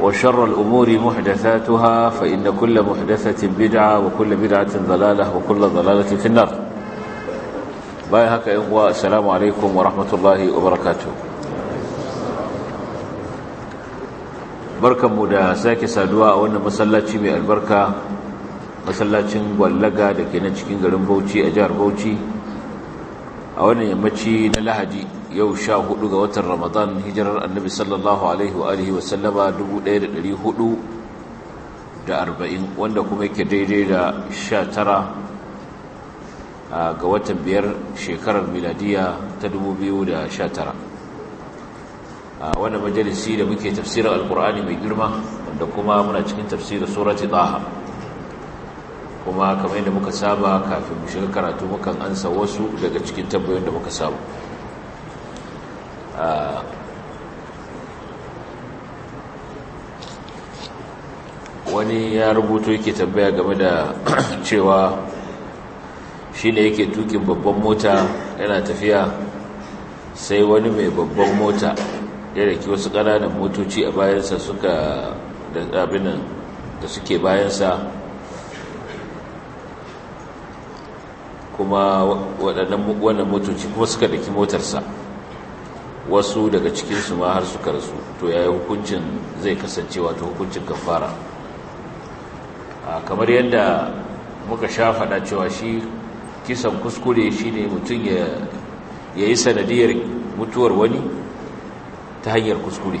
وشر الأمور محدثاتها فإن كل محدثة بدعة وكل بدعة ضلالة وكل ضلالة في النار باي هكا إخوة السلام عليكم ورحمة الله وبركاته بركة مدى ساكي سادواء وانا مسلاتي من البركة مسلاتي واللقى لكي نتشكين قلن بوتي أجار بوتي وانا يمتي نلهجي yau sha hudu ga watan ramadan hijirar annabi sallallahu alaihi wa alihi wasallama 1440 wanda kuma yake daidai da sha tara ga watan biyar shekarar miladiya ta 2019 wanda majalisi da muke tafsirar alkur'ani mai girma wanda kuma muna cikin tafsirar surati taha kuma kamar yadda muka saba kafin mu shiga karatu mukan ansa wasu daga cikin tambayoyin da muka saba Uh, wani ya rubuto yake tambaya game da cewa shi ne yake tukin babban mota yana tafiya sai wani mai babban mota ya raki wasu ƙananan motoci a bayansa suka da abinan da suke bayansa kuma waɗannan motoci kuma suka daki motarsa wasu daga cikinsu ma har suka rasu to yaya hukuncin zai kasance wato hukuncin kafara kamar yadda muka sha faɗa cewa shi kisan kuskure shi ne mutum ya yi sanadiyar mutuwar wani ta hanyar kuskure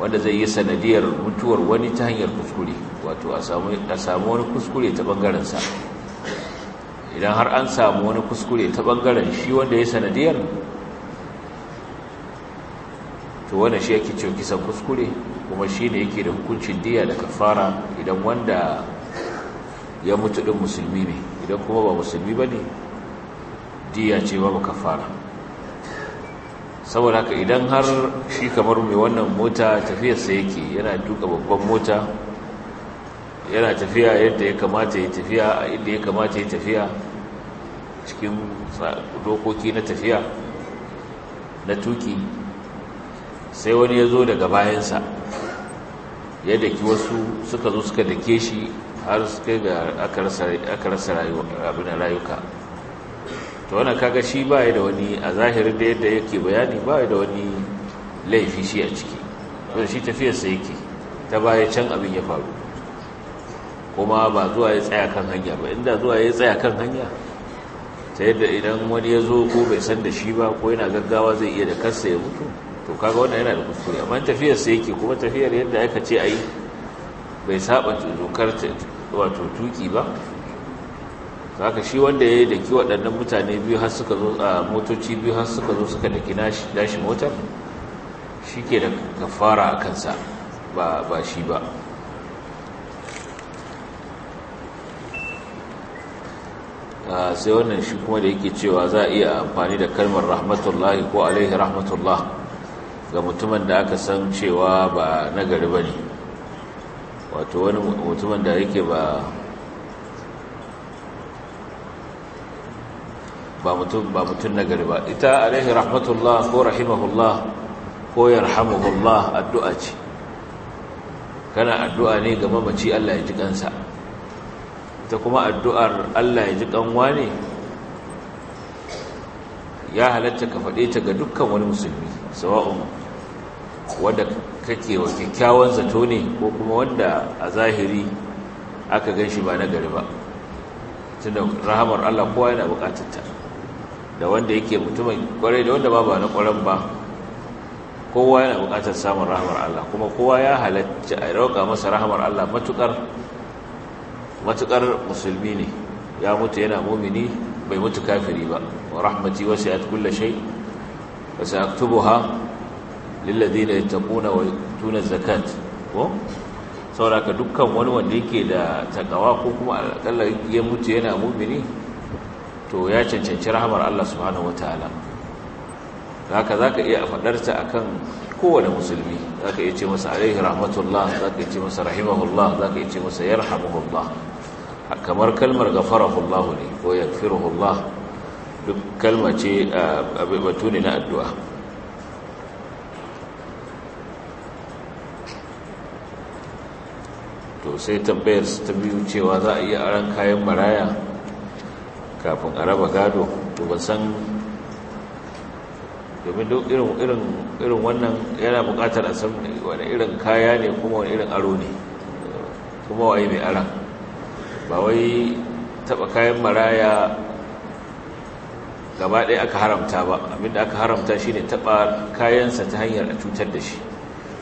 wanda zai yi sanadiyar mutuwar wani ta hanyar kuskure wato a samu wani kuskure ta ɓangarensa idan har an samu wani kuskure ta ɓangaren shi wanda ya yi sanadiyar to wannan shi yake cewa kisan kuskure kuma shi ne yake da hukuncin diya da kafara idan wanda ya mutu din musulmi ne idan kuma ba musulmi ba ne diya ce ba kafara saboda haka idan har shi kamar mai wannan mota tafiyarsa yake yana duka babban mota yana tafiya yadda ya kamata ya tafiya a inda ya kamata ya tafiya cikin dokoki na tafiya na tuki sai wani ya zo daga bayansa ya daki wasu suka zo suka dake shi har suka ga aka rasa abin rayuka ta wani kaga shi ba da wani a zahirin da yadda yake bayani ba da wani laifi shi a ciki wanda shi tafiyarsa yake ta baya can abin ya faru kuma ba zuwa ya tsaya kan hanya ba inda zuwa ya tsaya kan hanya ta yadda idan wani ya zo ko bai san da shi ba ko yana gaggawa zai iya da kansa ya mutu to kaga wannan yana da kuskure amma tafiyar sa yake kuma tafiyar yadda aka ce ayi bai saba dokar wato tuki ba haka shi wanda ya yi da ki waɗannan mutane biyu har suka zo a motoci biyu har suka zo suka daki dashi motar shi ke da kafara a kansa ba shi ba sai wannan shi kuma da yake cewa za a iya amfani da kalmar rahmatullahi ko alaihi rahmatullahi. ga mutumin da aka san cewa ba nagari ba ne wato wani mutumin da yake ba ba mutum ba mutum nagari ba ita alaihi rahmatullah ko rahimahullah ko yarhamuhullah addu'a ce kana addu'a ne ga mamaci Allah ya ji kansa ta kuma addu'ar Allah ya ji kanwa ne ya halatta ka faɗe ta ga dukkan wani musulmi sawa'un wanda kake wa kyakkyawan zato ne ko kuma wanda a zahiri aka gan shi ba na gari ba tunda rahamar Allah kowa yana bukatarta da wanda yake mutumin kwarai da wanda ba ba na kwaran ba kowa yana bukatar samun rahamar Allah kuma kowa ya halatta a rauka masa rahamar Allah matukar matukar musulmi ne ya mutu yana mumini bai mutu kafiri ba wa rahmati wasi'at kulli shay wa sa'aktubuha lillazina ta wa yutuna zakat ko sauraka dukkan wani wanda yake da takawa ko kuma alƙalla ya mutu yana mumini to ya cancanci rahamar Allah subhanahu wataala haka zaka iya faɗarta a kan kowane musulmi zaka iya ce masa alaihi rahmatullah zaka iya ce masa rahimahullah zaka iya ce masa yarhamuhullah kamar kalmar gafarahullah ne ko yakfiruhullah duk kalma ce batu ne na addu'a to sai tambayar su ta biyu cewa za a iya aran kayan maraya kafin a raba gado to ban san domin irin wannan yana bukatar a san wani irin kaya ne kuma wani irin aro ne kuma waye mai ara ba wai taba kayan maraya gaba ɗaya aka haramta ba abinda aka haramta shi ne taba kayansa ta hanyar a cutar da shi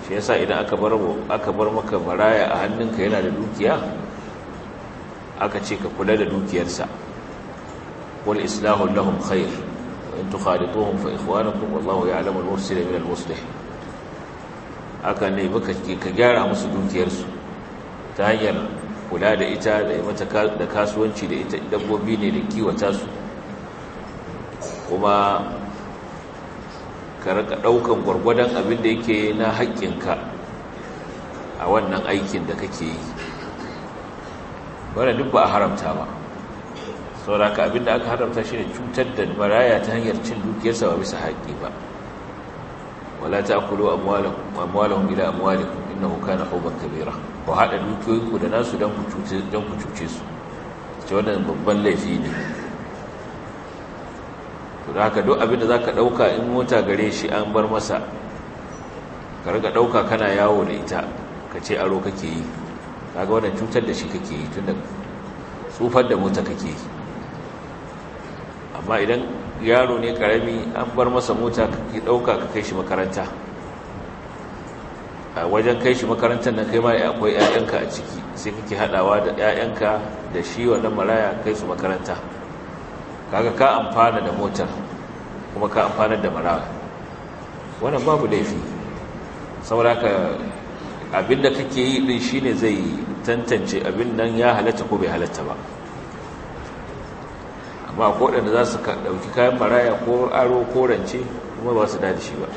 shi yasa idan aka bar maka baraya a hannunka yana da dukiya aka ce ka kula da dukiyarsa wal islahu lahum khair in tukhalituhum fa ikhwanakum wallahu ya'lamu al-mufsida min al-muslih aka ne baka ka gyara musu dukiyarsu ta hanyar kula da ita da mata da kasuwanci da ita dabbobi ne da kiwata su kuma ka ɗaukar daukan gwargwadon abin da yake na haƙƙinka a wannan aikin da kake yi wadda duk ba a haramta ba sauraka abin da aka haramta shi ne cutar da maraya ta hanyar cin dukiyarsa ba bisa haƙƙi ba wala ta kulo amwalahun gida amwalikun inna na hauban kabira ku haɗa dukiyoyinku da nasu don ku cuce su ce wannan babban laifi ne to da haka duk abin da za ka ɗauka in mota gare shi an bar masa ka riga ɗauka kana yawo da ita ka ce aro kake yi kaga wadda cutar da shi kake yi tun da tsufar da mota kake yi amma idan yaro ne karami an bar masa mota kake ɗauka ka kai shi makaranta a wajen kai shi makarantar nan kai ma akwai 'ya'yanka a ciki sai kake haɗawa da 'ya'yanka da shi wannan maraya kai su makaranta kaga ka amfana da motar kuma ka amfana da marawa wannan babu laifi saboda ka abinda kake yi din shine zai tantance abin nan ya halatta ko bai halatta ba amma ko waɗanda za su ɗauki kayan maraya ko aro ko rance kuma ba su dadi shi ba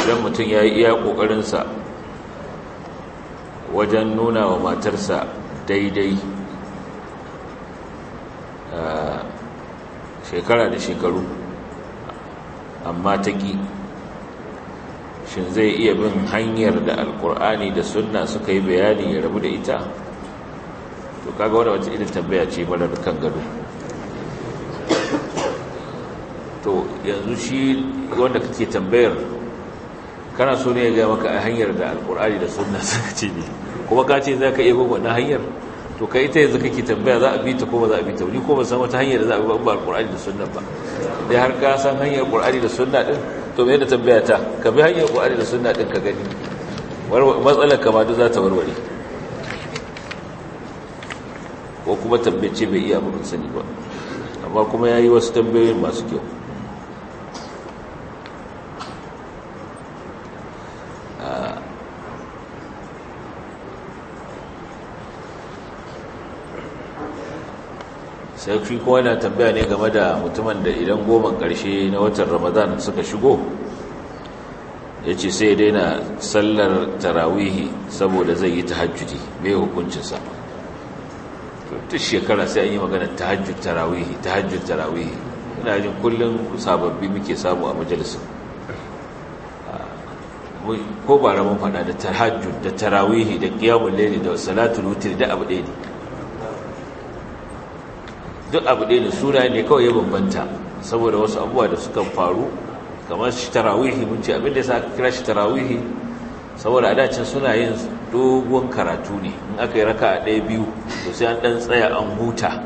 idan mutum ya yi iya ƙoƙarinsa wajen nuna wa matarsa daidai ah, shekara da shekaru amma ta ƙi shin zai iya bin hanyar da alkur'ani da sunna suka yi bayani ya rabu da ita to kaga wadda wata irin tambaya ce da kan gado to yanzu shi wanda kake tambayar kana so ne ya gaya maka a hanyar da alkur'ani da sunna suka ce ne kuma ka ce za ka iya gwagwa na hanyar to ka yi ta yanzu kake tambaya za a bi ta ko ba za a bi ta ni ko ba san wata hanyar da za a bi ba alkur'ani da sunna ba dai har ka san hanyar alkur'ani da sunna din to me da tambaya ta ka bi hanyar alkur'ani da sunna din ka gani matsalar ka ma duk za ta warware ko kuma tambaye ce bai iya ba sani ba amma kuma ya yi wasu tambayoyin masu kyau shi kuma yana tambaya ne game da mutumin da idan goman ƙarshe na watan ramadan suka shigo ya ce sai daina sallar tarawihi saboda zai yi tahajjudi mai hukuncinsa ta shekara sai an yi magana tahajjud tarawihi tahajjud tarawihi ina yin kullum sababbi muke samu a majalisun ko ba ramin fada da tahajjud da tarawihi da ƙiyamun lele da salatul wutir da abu ɗaya ne duk abu ɗaya ne suna ne kawai ya bambanta saboda wasu abubuwa da suka faru kamar shi tarawihi mun ce abinda sa kira shi tarawihi saboda a dace suna yin dogon karatu ne in aka yi raka a ɗaya biyu to sai an ɗan tsaya an huta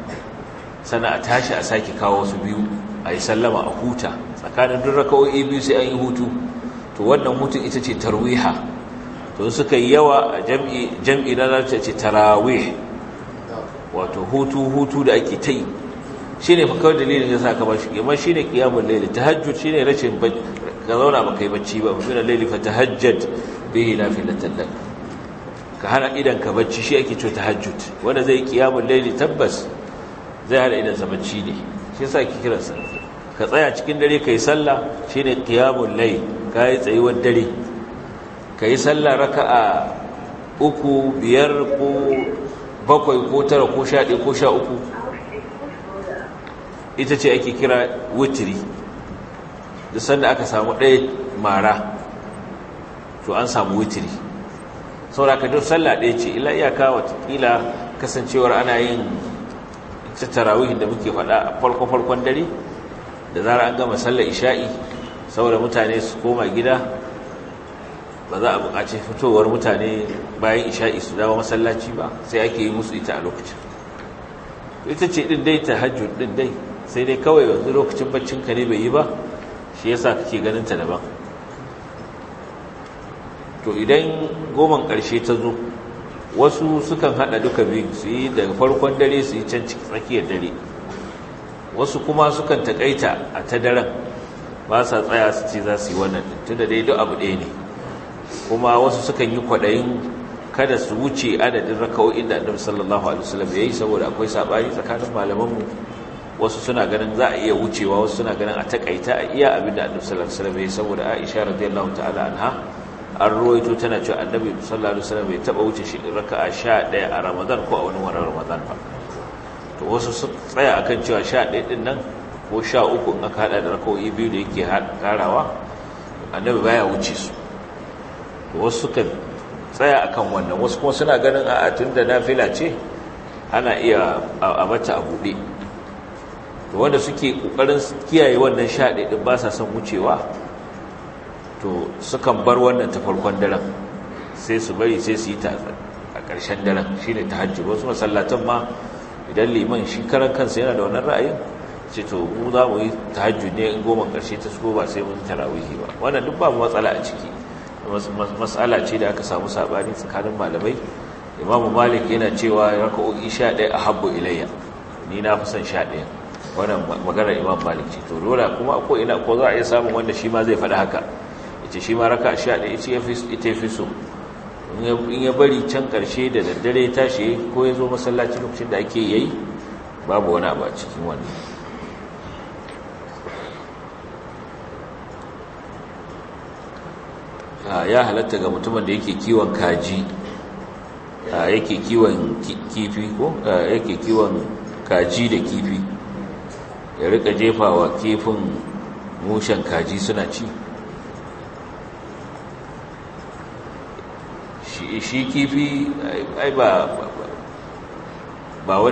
sannan a tashi a sake kawo wasu biyu a yi sallama a huta tsakanin duk raka'o'i biyu sai an yi hutu to wannan hutun ita ce tarwiha to suka yi yawa a jam'i jam'i na ce tarawih wato hutu hutu da ake ta yi shine fa kawai dalilin da saka ba shi amma shine qiyamul layl tahajjud shine rashin ka zauna ba kai bacci ba mafi na layli fa tahajjad bihi na tallan. ka hana idan ka bacci shi ake cewa tahajjud wanda zai qiyamul layli tabbas zai hana idan sa bacci ne shi sa ki kira sa ka tsaya cikin dare kai sallah shine qiyamul ka yi tsayuwar dare Ka yi sallah raka'a uku biyar ko bakwai ko tara ko sha ɗaya ko sha uku ita ce ake kira wutiri da sanda aka samu ɗaya mara to an samu wutiri sauraka duk sallah ɗaya ce ila iyaka watakila kasancewar ana yin tattara da muke faɗa a farkon farkon dare da zara an gama sallar isha'i saboda mutane su koma gida ba za a buƙaci fitowar mutane bayan isha'i su dawo masallaci ba sai ake yi musu ita a lokacin ita ce ɗin dai ta hajjun ɗin dai sai dai kawai wanzu lokacin ka ne bai yi ba shi yasa kake ganin ta daban to idan goman ƙarshe ta zo wasu sukan haɗa duka biyu su yi daga farkon dare su yi can tsakiyar dare wasu kuma sukan taƙaita a ta daren ba sa tsaya su ce za su yi wannan tun da dai duk abu ɗaya ne kuma wasu sukan yi kwaɗayin kada su wuce adadin raka'o'in da annabi sallallahu alaihi wasallam yayi saboda akwai sabani tsakanin malamanmu wasu suna ganin za a iya wucewa wasu suna ganin a takaita a iya abinda annabi sallallahu alaihi wasallam yayi saboda Aisha radiyallahu ta'ala anha an ruwaito tana cewa annabi sallallahu alaihi wasallam bai taba wuce shi raka'a 11 a Ramadan ko a wani wani Ramadan ba to wasu su tsaya akan cewa 11 din nan ko 13 in aka hada da raka'o'i biyu da yake harawa annabi baya wuce su wasu suka tsaya a kan wannan wasu kuma suna ganin a tun da na fila ce ana iya a mata a buɗe to wanda suke ƙoƙarin kiyaye wannan sha ɗin ba sa son wucewa to sukan bar wannan ta farkon daren sai su bari sai su yi ta a ƙarshen daren shi ne ta hajji wasu masallatan ma idan liman shi karan kansa yana da wannan ra'ayin ce to mu za mu yi ta hajji ne goma ƙarshe ta su ba sai mun tarawihi ba wannan duk babu matsala a ciki matsala ce da aka samu sabani tsakanin malamai imamu malik yana cewa raka'o'i sha ɗaya a habbo ilayya ni na fi son sha ɗaya wannan maganar imam malik ce to dole kuma ko ina ko za a iya samun wanda shi ma zai faɗi haka ita shi ma raka sha ɗaya ce ita fi so in ya bari can ƙarshe da daddare ya tashi ko ya zo masallacin lokacin da ake yayi babu wani abu a cikin wannan Ah, ya halatta ga mutumin da yake kiwon kaji ah, yake kiwon kifi ko ah, yake kiwon kaji da kifi ya rika jefawa kifin mushen kaji suna ci shi kifi ai ba ba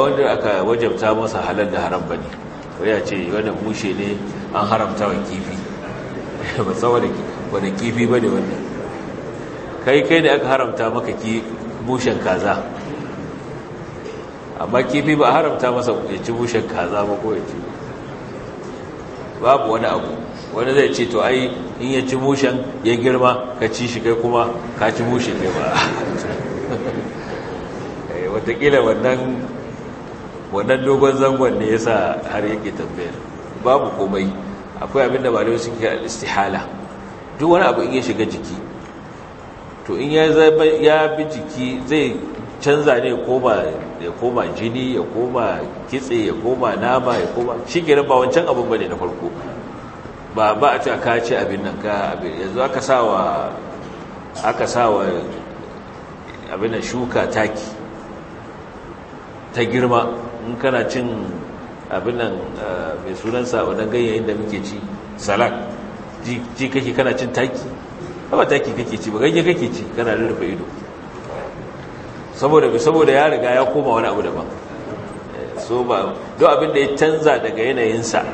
wanda aka wajabta masa halal da haram ba ne ya ce wanda mushe ne an haramta wa kifi ba saboda kifi Wani kifi ba ne wannan kai kai da aka haramta maka ki bushen kaza amma kifi ba haramta masa ya ci bushen kaza ba ko ya ci babu wani abu wani zai ce to ai in ya ci bushen ya girma ka ci shi kai kuma ka ci bushe kai ba eh, watakila wannan wannan dogon zangon ne yasa har yake tambayar babu komai akwai abinda ba da wasu ke istihala duk wani abu in ya shiga jiki to in ya bi jiki zai canza ne ya koma jini ya koma kitse ya koma nama ya koma shi gina ba wancan abin ba ne na farko ba ba a ce a kaci abin nan ka abin yanzu aka sawa aka sawa abin nan shuka taki ta girma in kana cin abin nan eh, mai sunansa wadannan ganyayin da muke ci salak ji kake kana cin taki ba taki kake ci ba gage kake ci kana rurrufe ido saboda saboda ya riga ya koma wani abu daban so ba duk abin da ya canza daga yanayinsa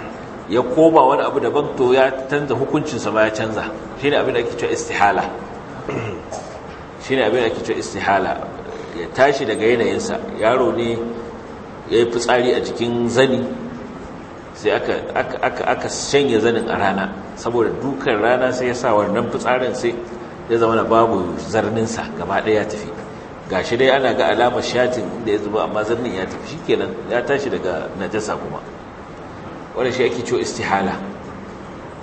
ya koma wani abu daban to ya canza hukuncinsa ma ya canza shine abin da ake cewa istihala shine abin da ake cewa istihala ya tashi daga yanayinsa yaro ne ya yi fitsari a cikin zani sai aka shanye zanin a rana saboda dukan rana sai ya sa wannan fitsarin sai ya zama na babu zarninsa gaba ɗaya ya tafi ga shi dai ana ga alamar shatin da ya zuba amma zarnin ya tafi shikenan ya tashi daga najasa kuma wadda shi ake ciwo istihala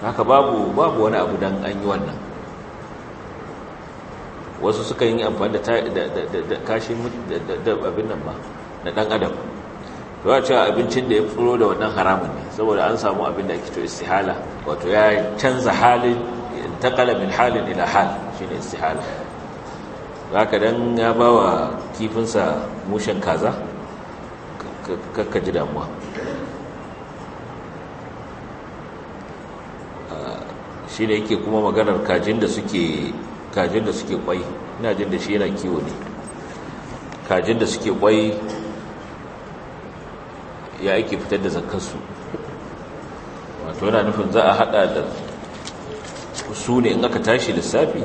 haka babu babu wani abu dan an yi wannan wasu suka yi amfani da kashin abin nan ba na ɗan adam to a cewa abincin da ya furo da wannan haramun ne saboda an samu abin da ake to istihala wato ya canza halin intakala min halin ila hal shine istihala ka dan ya bawa kifinsa mushen kaza kakka ji damuwa ah, shi ne yake kuma maganar kajin da suke kajin da suke kwai ina jin da shi yana kiwo ne kajin da suke kwai ya ake fitar da zakkansu wato yana nufin za a hada da su ne in aka tashi lissafi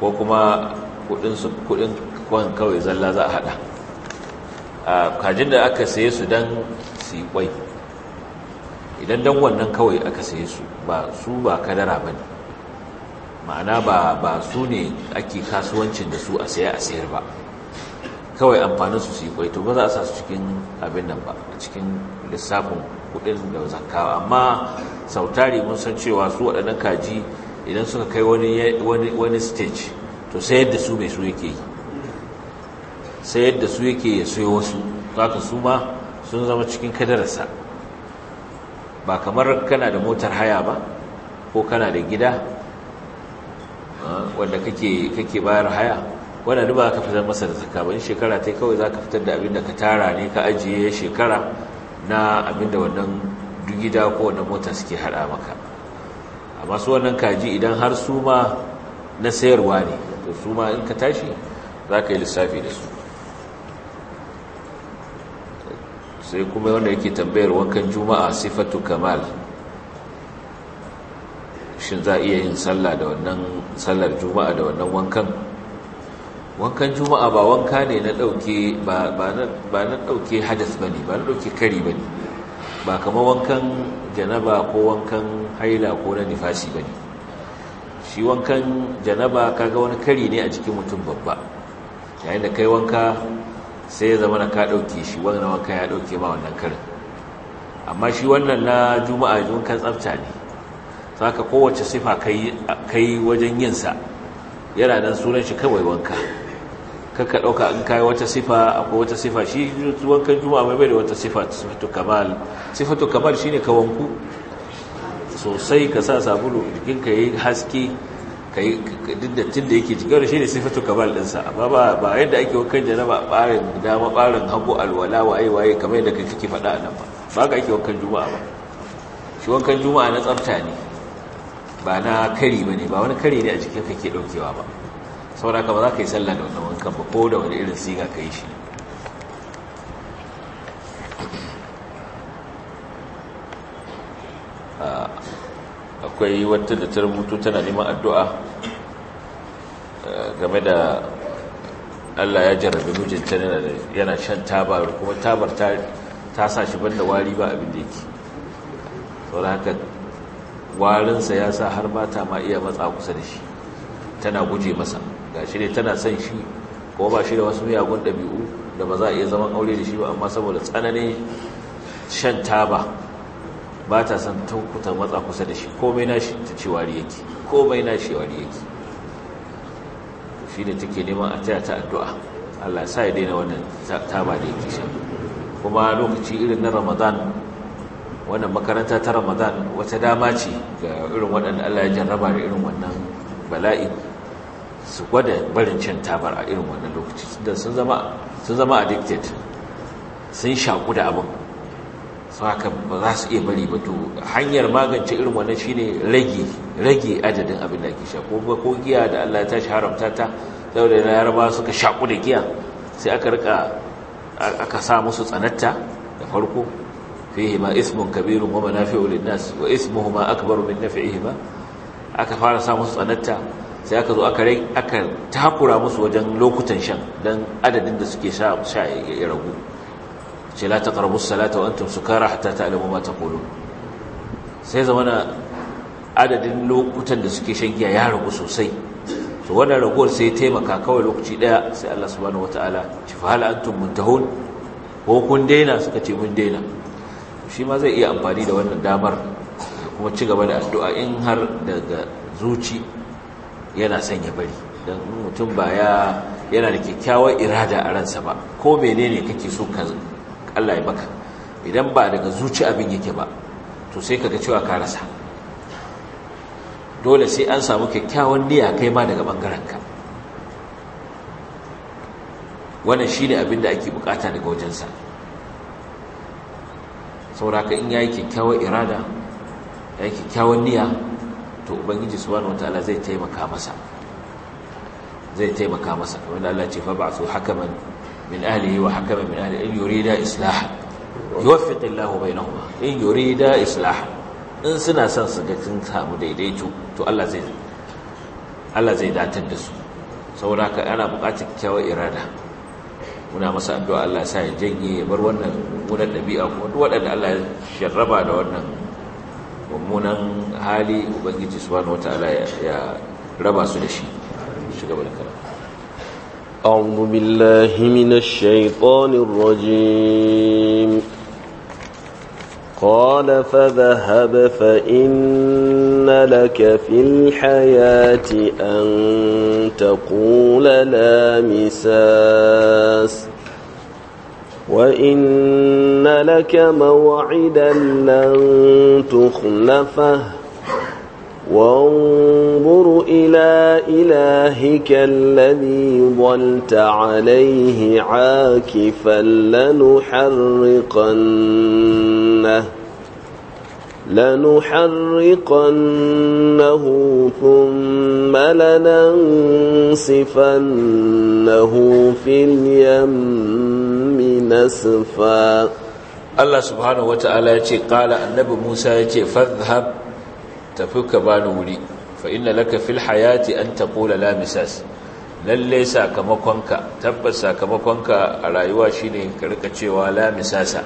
ko kuma kudin kwan kawai zalla za a hada a kajin da aka saye su don su idan don wannan kawai aka saye su ba su ba kadara ba ne ma'ana ba su ne ake kasuwancin da su a saya a sayar ba kawai amfanin su su yi to ba za a sa su cikin abin nan ba cikin lissafin kudin da zakka amma sautari mun san cewa su waɗannan kaji idan suka kai wani stage to sai yadda su mai su yake yi sai yadda su yake ya sayo wasu zaka su ma sun zama cikin kadararsa ba kamar kana da motar haya ba ko kana da gida ah, wanda kake bayar haya wannan ba ka fitar masa da zakka ba in shekara ta kawai za ka fitar da abin da ka tara ne ka ajiye shekara na abin da wannan gida ko wannan mota suke hada maka amma su wannan kaji idan har su ma na sayarwa ne to su ma in ka tashi za ka yi lissafi da su sai kuma wanda yake tambayar wankan juma'a sifatu kamal shin za a iya yin sallah sallar juma'a da wannan wankan wankan juma'a ba wanka ne na dauke ba na dauke hadas bane ba na dauke kari bane ba kama wankan janaba ko wankan haila ko na nifashi bane shi wankan janaba kaga wani kari ne a cikin mutum babba yayin da kai wanka sai ya zama na ka dauke shi wannan wanka ya dauke ma wannan karin amma shi wannan na juma'a wankan tsafta ne saka kowace sifa kai wajen yinsa? yana nan sunan shi kawai wanka kaka ɗauka in kayi wata sifa akwai wata sifa shi wankan juma'a mai bai da wata sifa sifatu kamal sifatu kamal shine ka wanku sosai ka sa sabulu jikin ka yi haske ka yi dindattin da yake jikin shi ne sifatu kamal ɗinsa amma ba ba yadda ake wankan janaba ɓarin dama ɓarin hagu alwala waye waye kamar yadda kai kike faɗa a nan ba ba ka ake wankan juma'a ba shi wankan juma'a na tsafta ne ba na kari ba ne ba wani kari ne a jikin ka ke ɗaukewa ba sauraka ka ba za ka yi sallah da wannan wankan ba ko da wani irin siga ka yi shi ah, akwai wata da ta rubutu tana neman addu'a eh, game da Allah ya jarrabe mijinta yana shan tabar kuma tabar ta sa shi banda wari ba abin da yake saboda haka warinsa ya sa har ba ta ma iya matsa kusa da shi tana guje masa ga shi ne tana son shi kuma ba shi da wasu miyagun ɗabi'u da ba za a iya zama aure da shi ba amma saboda tsananin shan taba ba ta son tunkuta matsa kusa da shi komai na shi ta ce wari yake komai na shi wari yake shi ne take neman a taya ta addu'a Allah sa ya daina wannan taba da yake shan kuma lokaci irin na ramadan wannan makaranta ta ramadan wata dama ce ga irin waɗanda Allah ya jarraba da irin wannan bala'i su gwada barin cin tabar a irin wannan lokaci da sun zama addicted sun shaku da abin su haka ba za su iya bari ba to hanyar magance irin wannan shine rage rage adadin abin da ake sha ko ko giya da Allah ya tashi haramta ta saboda yaraba suka shaku da giya sai aka rika aka sa musu tsanatta da farko ma ismun kabirun wa manafi'u lin-nas wa ismuhuma akbaru min naf'ihima aka fara sa musu tsanatta sai aka zo aka aka takura musu wajen lokutan shan don adadin da suke sha ya ragu ce la taqrabu salata wa antum sukara hatta ta'lamu ma taqulun sai zamana adadin lokutan da suke shan giya ya ragu sosai to wannan raguwar sai taimaka kawai lokaci daya sai Allah subhanahu wataala ci fa hal antum muntahun ko kun daina suka ce mun daina shi ma zai iya amfani da wannan damar kuma ci gaba da addu'a in har daga zuci yana son ya bari don mutum ba ya yana da kyakkyawar irada a ransa ba ko menene kake so ka Allah ya baka idan ba daga zuci abin yake ba to sai kaga cewa ka rasa dole sai an samu kyakkyawan niyya kai ma daga bangaren ka. wannan shine abin da ake bukata daga wajensa sauraka in yayi kyakkyawar irada yayi kyakkyawan niyya to ubangiji subhanahu wataala zai taimaka masa zai taimaka masa wanda Allah ce fa ba'thu hakaman min ahlihi wa hakaman min ahli in yurida islahan yuwaffiq Allahu bainahuma in yurida islahan in suna son su ga sun samu daidaito to Allah zai Allah zai datar da su saboda ka ana buƙatar kyawar irada muna masa addu'a Allah sa ya janye ya bar wannan mummunan ɗabi'a ko wadanda Allah ya sharraba da wannan mummunan hali ubangiji subhanahu wataala ya raba su da shi shiga bada kara a'udhu billahi minash shaitanir rajim قال فذهب فإن لك في الحياة أن تقول لا مساس وإن لك موعدا لن تخلفه وانظر إلى إلهك الذي ظلت عليه عاكفا لنحرقنه لنحرقنه ثم لننصفنه في اليم نسفا الله سبحانه وتعالى قال النبي موسى فاذهب tafi ka bani wuri fa inna laka fil hayati an taqula la misas lalle sakamakonka tabbas sakamakonka a rayuwa shine ka rika cewa la misasa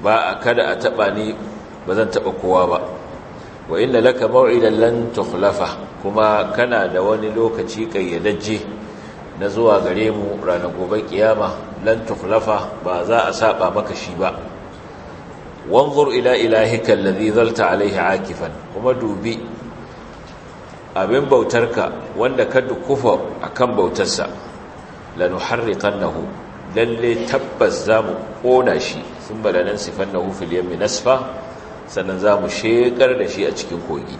ba kada a taba ni bazan taba kowa ba wa inna laka maw'idan lan tukhlafa kuma kana da wani lokaci kayyadajje na zuwa gare mu ranar gobe kiyama lan tukhlafa ba za a saba maka shi ba wanzur ila ilahika allazi zalta alaihi akifan kuma dubi abin bautarka wanda ka dukufa akan bautarsa lanuharriqannahu lalle tabbas zamu kona shi sun balanan sifannahu fil yammi nasfa sannan zamu shekar da shi a cikin kogi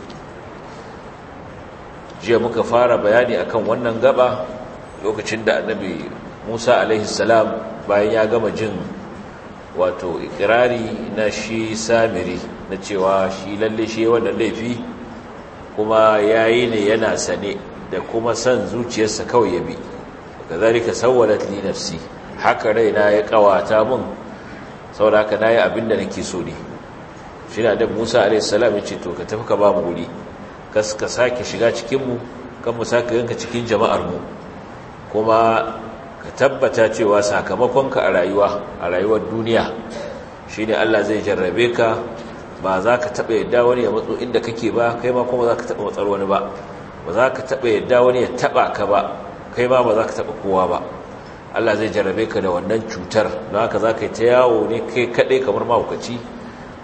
jiya muka fara bayani akan wannan gaba lokacin da annabi Musa alaihi salam bayan ya gama jin wato ikirari na shi samiri na cewa shi lalle shi wanda laifi kuma yayi ne yana sane da kuma san zuciyarsa kawai ya bi kazalika sawwalat li nafsi haka raina ya kawata mun saboda haka yi abinda da nake so ne shi da Musa alayhi salam ya ce to ka tafi ka ba mu guri kas ka sake shiga cikin mu kan mu sake yanka cikin jama'ar mu kuma ka tabbata cewa sakamakonka a rayuwa a rayuwar duniya shi ne Allah zai jarrabe ka ba za ka taɓa yadda wani ya matso inda kake ba kai ma kuma za ka taɓa matsar wani ba ba za ka taɓa yadda wani ya taɓa ka ba kai ma ba za ka taɓa kowa ba Allah zai jarrabe ka da wannan cutar don haka za ka yi ta yawo ne kai kaɗai kamar mahaukaci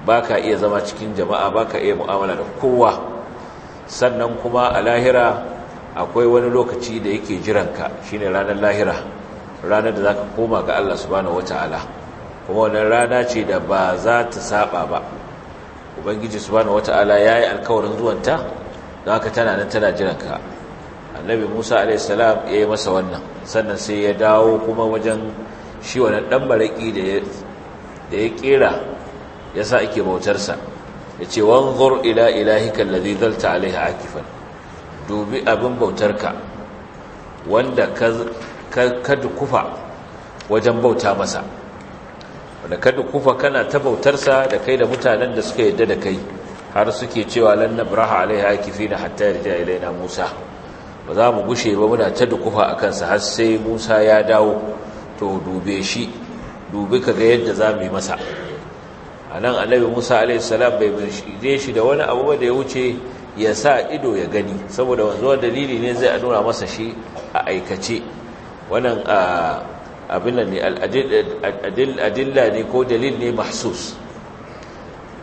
ba ka iya zama cikin jama'a ba ka iya mu'amala da kowa sannan kuma a lahira akwai wani lokaci da yake jiranka shine ranar lahira ranar da za ka koma ga Allah subhanahu wata'ala kuma wannan rana ce da ba za ta saba ba ubangiji subhanahu wata'ala ya yi alkawarin zuwanta don haka tana nan tana jiran ka annabi musa alaihissalam ya yi masa wannan sannan sai ya dawo kuma wajen shi wannan ɗan baraki da ya ƙera ya sa ake bautarsa ya ce wanzur ila ilahikan lazi zalta alaiha akifan dubi abin bautarka wanda ka ka kufa wajen bauta masa wanda kada kufa kana ta bautarsa da kai da mutanen da suka yadda da kai har suke cewa lan nabraha alaiha na hatta yarja ilaina musa ba za mu gushe ba muna ta kufa a kansa har sai musa ya dawo to dube shi dubi ka ga yadda za mu yi masa a nan annabi musa salam bai bincike shi da wani abu da ya wuce ya sa ido ya gani saboda wanzuwar dalili ne zai a nuna masa shi a aikace wannan abin ne adilla ne ko dalil ne mahsus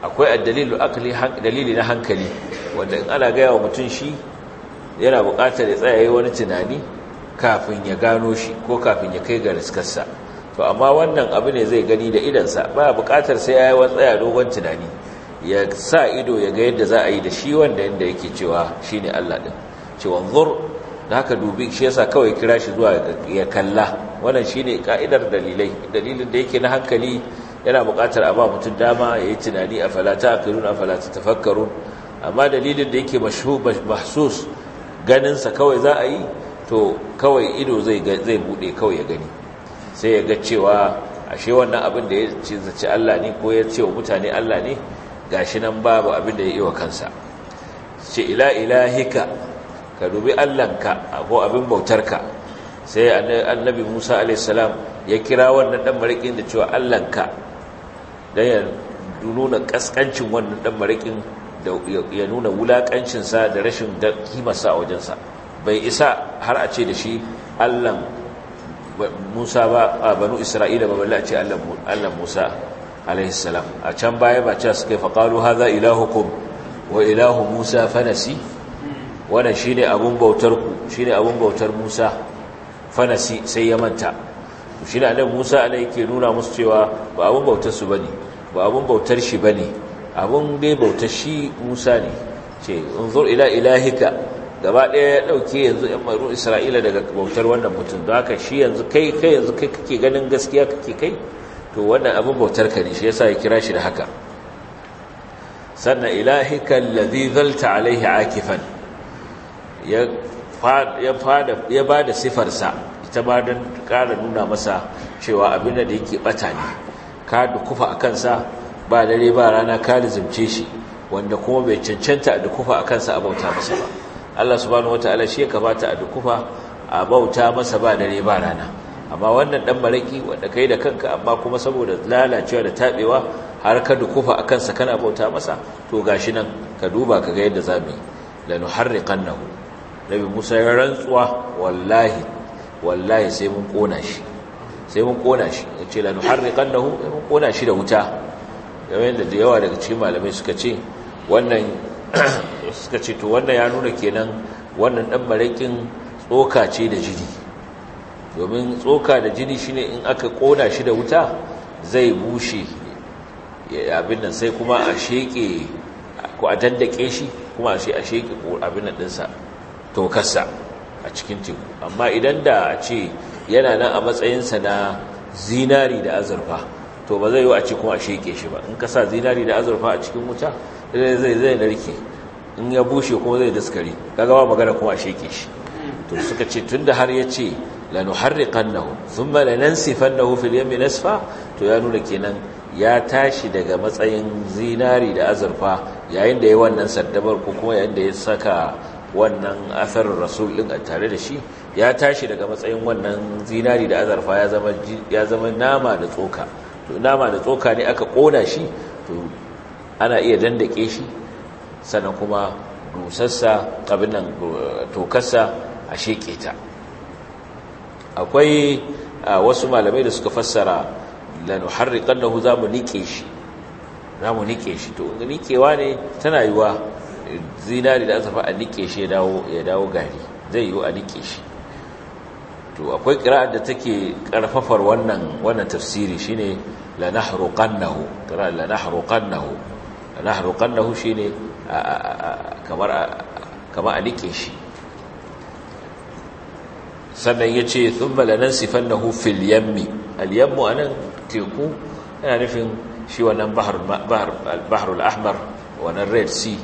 akwai addalilu dalili na hankali wanda in ana gaya wa mutum shi yana buƙatar ya tsayaye wani tunani kafin ya gano shi ko kafin ya kai ga riskarsa to amma wannan abu ne zai gani da sa, ba buƙatar sai ya yi wani tsaya dogon tunani ya sa ido ya ga yadda za a yi da shi wanda yadda yake cewa shi ne Allah ɗin cewa zur da haka dubi shi yasa kawai kira shi zuwa ya kalla wannan shine ka'idar dalilai dalilin da yake na hankali yana buƙatar a ba mutum dama ya yi tunani a falata a akilun a falata tafakkaru, amma dalilin da yake mahsus ganinsa kawai za a yi to kawai ido zai buɗe kawai ya gani sai ya ga cewa ashe wannan abin da ya ce zace Allah ne ko ya ce wa mutane Allah ne Ga shi nan babu abin da ya yi wa kansa ce ila ilahika ka dubi allanka ko abin bautarka sai annabi musa alaihissalam ya kira wannan dan mariƙin da cewa allanka don ya nuna kaskancin wannan dan mariƙin, da ya nuna wulaƙancinsa da rashin kimarsa a wajensa bai isa har a ce da shi allan musa ba a banu isra'ila ba balla a ce allan musa alaihissalam a can baya ba ce suka yi faƙalu haza ilahukum wa ilahu musa fanasi wannan shine abin bautar ku shine abin bautar Musa fanasi sai ya manta shine annabi Musa alai yake nuna musu cewa ba abin bautar su ba ne? ba abin bautar shi ba ne? abun dai bautar shi Musa ne ce unzur ila ilahika gaba ɗaya ya ɗauke yanzu ‘yan maru isra'ila daga bautar wannan mutum don haka shi yanzu kai kai yanzu kai kake ganin gaskiya kake kai to wannan abin bautar ka ne shi yasa ya kira shi da haka sannan ilahikan ladhi zalta alaihi akifan ya ba da sifarsa ita ba don kara nuna masa cewa abin da yake bata ne ka dukufa a kansa ba dare ba rana ka lizimce shi wanda kuma bai cancanta a dukufa a kansa a bauta masa ba Allah subhanahu wataala shi ya kamata a dukufa a bauta masa ba dare ba rana amma wannan dan maraki wanda kai da kanka amma kuma saboda lalacewa da tabewa har ka dukufa a kansa kana bauta masa to gashi nan ka duba ka ga yadda zamu lanuharriqannahu nabi musa ya rantsuwa wallahi wallahi sai mun kona shi sai mun kona shi ya ce la nuharriqannahu mun kona shi da wuta kamar da yawa daga cikin malamai suka ce wannan suka ce to wannan ya nuna kenan wannan dan marakin tsoka ce da jini domin tsoka da jini shine in aka kona shi da wuta zai bushe abin nan sai kuma a sheke ko a tandaƙe shi kuma a sheke abin nan ɗinsa tokarsa a cikin teku amma idan da a ce yana nan a matsayinsa na zinari da azurfa to ba zai yi a ce kuma a sheke shi ba in ka sa zinari da azurfa a cikin wuta zai zai zai narke in ya bushe kuma zai daskari. kaga ba magana kuma a sheke shi to suka ce tun da har ya ce lanuharriqannahu thumma lanansifannahu fil yammi nasfa to ya nuna kenan ya tashi daga matsayin zinari da azurfa yayin da ya wannan saddabar ko kuma yayin da ya saka wannan asarin rasul din a tare da shi ya tashi daga matsayin wannan zinari da azarfa ya zama nama da tsoka to nama da tsoka ne aka kona shi to ana iya dandake shi sannan kuma dusassa abin nan tokarsa a sheke ta akwai wasu malamai da suka fassara lanu za mu nike shi za mu nike shi to nikewa ne tana yiwuwa. zinari da azurfa a nike shi ya dawo gari zai yiwu a nike shi to akwai ƙira'ar da take ƙarfafar wannan wannan tafsiri shine la nahruqannahu ƙira'ar la nahruqannahu la nahruqannahu shine kamar kamar a nike shi sannan yace thumma lanansifannahu fil yammi al yammu anan teku yana nufin shi wannan bahar al bahrul ahmar wannan red sea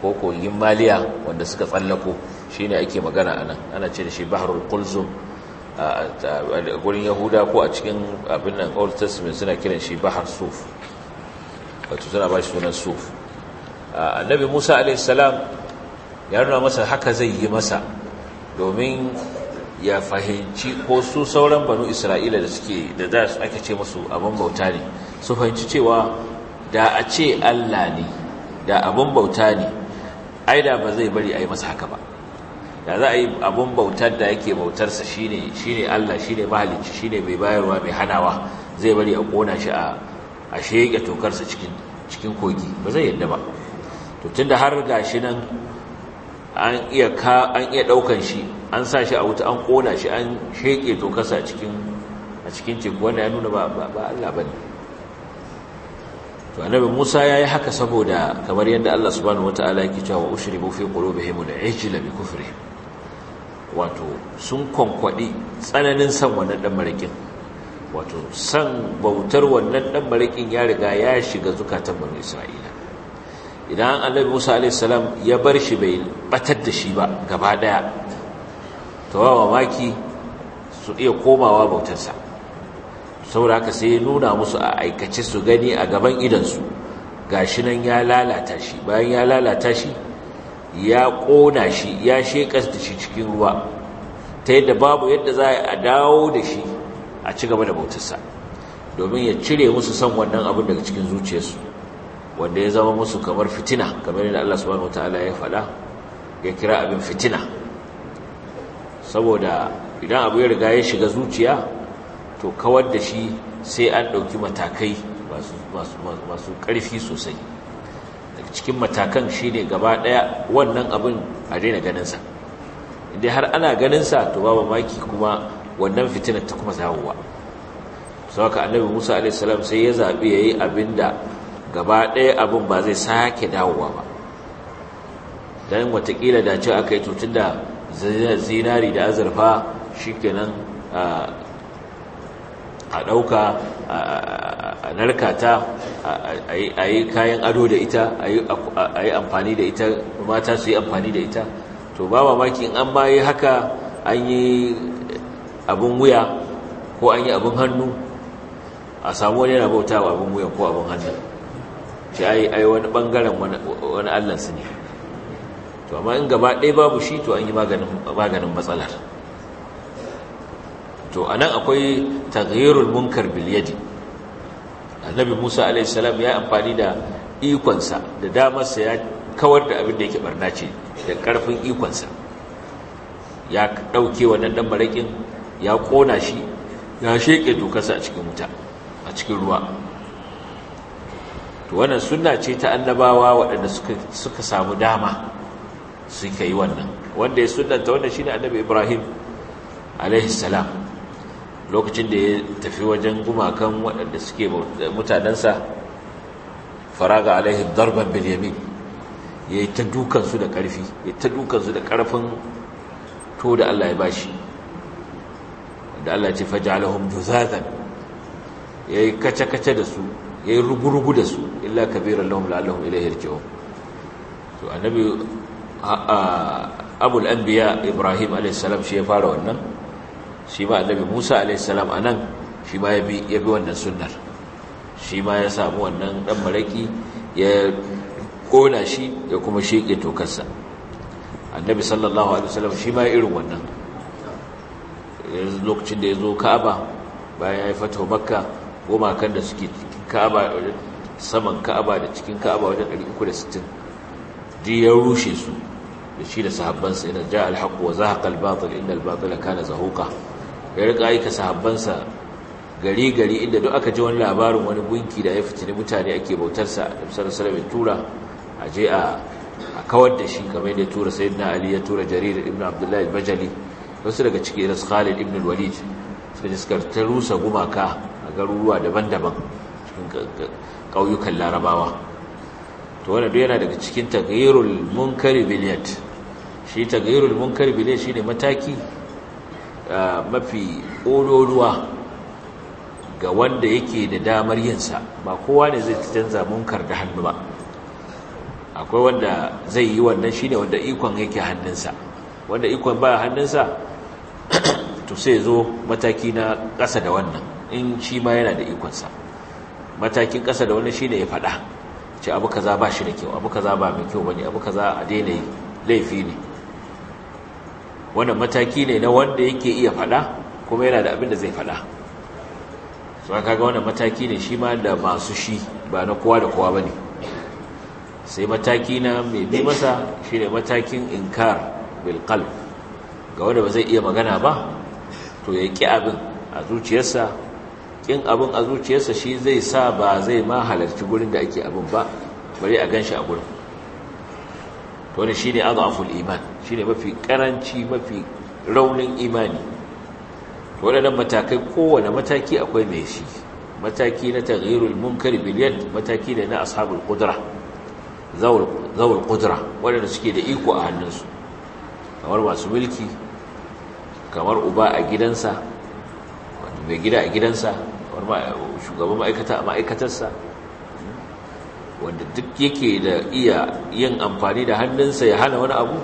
ko kogin maliya wanda suka tsallako shi ne ake magana a nan ana ce da shi baharul kulzum a gurin yahuda ko a cikin abin nan old testament suna kiran shi bahar suf wato suna ba shi sunan suf annabi musa alaihissalam ya nuna masa haka zai yi masa domin ya fahimci ko su sauran banu isra'ila da suke da za su ake ce musu abin bauta ne su fahimci cewa da a ce allah ne da abin bauta ne aida ba zai bari a yi masa haka ba da za a yi abun bautar da yake bautarsa shine shine Allah shine mahalicci shine mai bayarwa mai hanawa zai bari a kona shi a a shege tokarsa cikin kogi ba zai yadda ba to tunda har gashi nan an iya ka an iya daukan shi an sa shi a wuta an kona shi an sheke tokarsa cikin a cikin teku wanda ya nuna ba ba Allah bane to annabi Musa yayi haka saboda kamar yadda Allah subhanahu wataala yake cewa ushribu fi qulubihim al-ijla bi kufri wato sun konkwadi tsananin san wannan dan marakin wato san bautar wannan dan marakin ya riga ya shiga zukatan banu Isra'ila idan annabi Musa alayhi salam ya bar shi bai batar da shi ba gaba daya to wa mamaki su iya komawa bautarsa saboda haka sai ya nuna musu a aikace su gani a gaban idansu gashi nan ya lalata shi bayan ya lalata shi ya ƙona shi ya shekas da shi cikin ruwa ta yadda babu yadda za a dawo da shi a ci gaba da bautarsa domin ya cire musu son wannan abin daga cikin zuciyarsu wanda ya zama musu kamar fitina kamar yadda Allah subhanahu wataala ya faɗa ya kira abin fitina saboda idan abu ya riga ya shiga zuciya to kawar da shi sai an ɗauki matakai masu ƙarfi sosai daga cikin matakan shi ne gaba ɗaya wannan abin a daina ganinsa inda har ana ganinsa to ba maki kuma wannan fitinar ta kuma zawowa sau ka annabi musa alaihissalam sai ya zaɓi ya yi abin da gaba ɗaya abin ba zai sake dawowa ba don watakila da cewa aka yi tutun da zinari da azurfa shi kenan ah, a ɗauka a ta a yi kayan ado da ita a yi amfani da ita mata su yi amfani da ita to ba mamaki in an ma yi haka an yi abin wuya ko an yi abin hannu a samu wani yana bauta wa abin wuya ko abin hannu shi yi wani bangaren wani allansu ne to amma in gaba ɗaya babu shi to an yi maganin matsalar to anan akwai taghyirul munkar bil yadi annabi Musa alaihi salam ya amfani da ikonsa da damarsa ya kawar da abin da yake barna ce da karfin ikonsa ya dauke wannan dan marakin ya kona shi ya sheke dokarsa a cikin wuta a cikin ruwa to wannan sunna ce ta annabawa waɗanda suka samu dama suka yi wannan wanda ya sunnanta wannan shine annabi Ibrahim alaihi salam lokacin da ya tafi wajen gumakan waɗanda suke mutanensa faraga alaihi darban bilyamin ya yi ta dukansu da ƙarfi ya ta dukansu da ƙarfin to da Allah ya bashi da Allah ce faji alahun juzazan ya yi kace-kace da su ya yi rugu-rugu da su illa kabiran lahun la'alahun ilahir jiho to annabi abul anbiya ibrahim alaihissalam shi ya fara wannan shi ma annabi Musa alaihissalam a nan shi ma ya bi wannan sunnar shi ma ya samu wannan ɗan maraƙi ya ƙona shi ya kuma sheke tokarsa annabi sallallahu alaihi wasallam shi ma irin wannan lokacin da ya zo ka'aba bayan ya yi makka goma kan da suke ka'aba saman ka'aba da cikin ka'aba wajen 360 duk ya rushe su da shi da sahabbansa yana ja alhaqu wa zahaqa al-batil inna albatila kana zahuqa ya yi ka sahabbansa gari gari inda duk aka ji wani labarin wani gunki da ya tuni mutane ake bautarsa a damsar salamin tura a je a kawar da shi kamar da tura na ali ya tura jarir ibn abdullahi bajali wasu daga ciki irin khalid ibn walid suka ji suka ta rusa gumaka a garuruwa daban-daban cikin ƙauyukan larabawa to wani yana daga cikin tagayirul munkari biliyat shi tagayirul munkari biliyat shine mataki mafi ƙololuwa ga wanda yake da damar yinsa ba kowa ne zai canza munkar da hannu ba akwai wanda zai yi wannan shine wanda ikon yake hannunsa wanda ikon ba hannunsa to sai zo mataki na ƙasa da wannan in shi ma yana da ikonsa matakin ƙasa da wannan shine ya faɗa ce abu kaza ba shi da kyau abu kaza ba mai kyau bane abu kaza a daina laifi ne wannan mataki ne na wanda yake iya faɗa kuma yana da abin da zai faɗa su aka ga wannan mataki ne shi ma da masu shi ba na kowa da kowa ba ne sai mataki na mai bi masa shi ne matakin inkar bilkal ga wanda ba zai iya magana ba to ya ƙi abin a zuciyarsa ƙin abin a zuciyarsa shi zai sa ba zai ma halarci gurin da ake abin ba bari a gan shi a gurin to ne shine adhaful iman shine mafi karanci mafi raunin imani to matakai kowane mataki akwai mai shi mataki na taghyirul munkar bil yad mataki da na ashabul kudura. zawul kudura, waɗanda suke da iko a hannunsu kamar masu mulki kamar uba a gidansa wato mai gida a gidansa kamar shugaban ma'aikata ma'aikatarsa wanda duk yake da iya yin amfani da hannunsa ya hana wani abu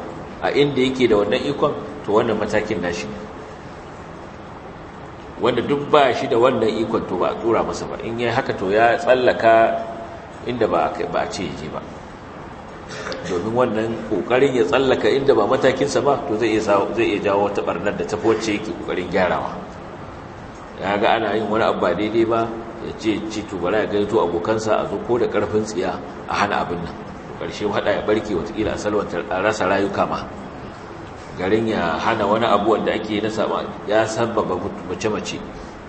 a inda yake da wannan ikon to wannan matakin nashi wanda duk ba shi da wannan ikon to ba a tura masa ba in yi haka to ya tsallaka inda ba a ce yake ba domin wannan kokarin ya tsallaka inda ba matakinsa ba to zai iya jawo wata barnar da tafi wacce yake kokarin gyarawa ya ga ana yin wani abu ba daidai ba ya ce cito bala ya gaito abokansa a zo ko da karfin tsiya a hana abin nan karshe hada ya barke watakila a salwantar a rasa rayuka ma garin ya hana wani abu wanda ake yi na sama ya sababa mace-mace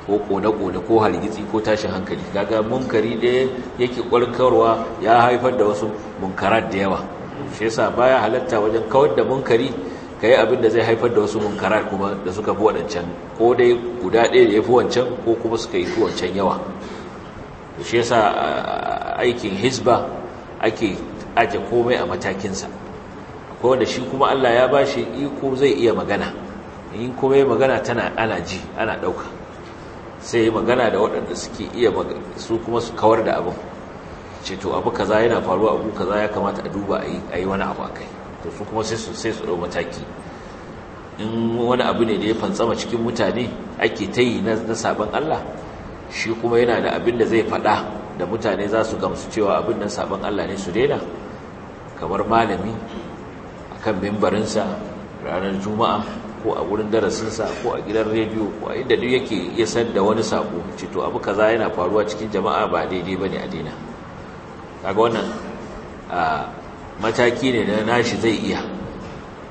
ko kone-kone ko hargitsi ko tashin hankali kaga munkari da yake ƙwarkarwa ya haifar da wasu munkarar da yawa shi yasa baya halatta wajen kawar da munkari ka yi abin da zai haifar da wasu munkarar kuma da suka fi waɗancan ko dai guda ɗaya da ya fi wancan ko kuma suka yi fi wancan yawa shi yasa aikin Hisba ake aje komai a matakinsa akwai wanda shi kuma Allah ya ba shi iko zai iya magana in komai magana tana ana ji ana ɗauka sai yi magana da waɗanda suke iya su kuma su kawar da abin ce to abu kaza yana faruwa abu kaza ya kamata a duba a yi wani abu a kai to su kuma sai su sai su dau mataki in wani abu ne da ya fantsama cikin mutane ake ta yi na sabon Allah shi kuma yana da abin da zai faɗa da mutane za su gamsu cewa abin nan sabon Allah ne su daina kamar malami akan sa ranar juma'a ko a wurin darasinsa ko a gidan rediyo ko a inda duk yake ya san da wani sako ce to abu kaza yana faruwa cikin jama'a ba daidai bane a daina kaga wannan mataki ne na nashi zai iya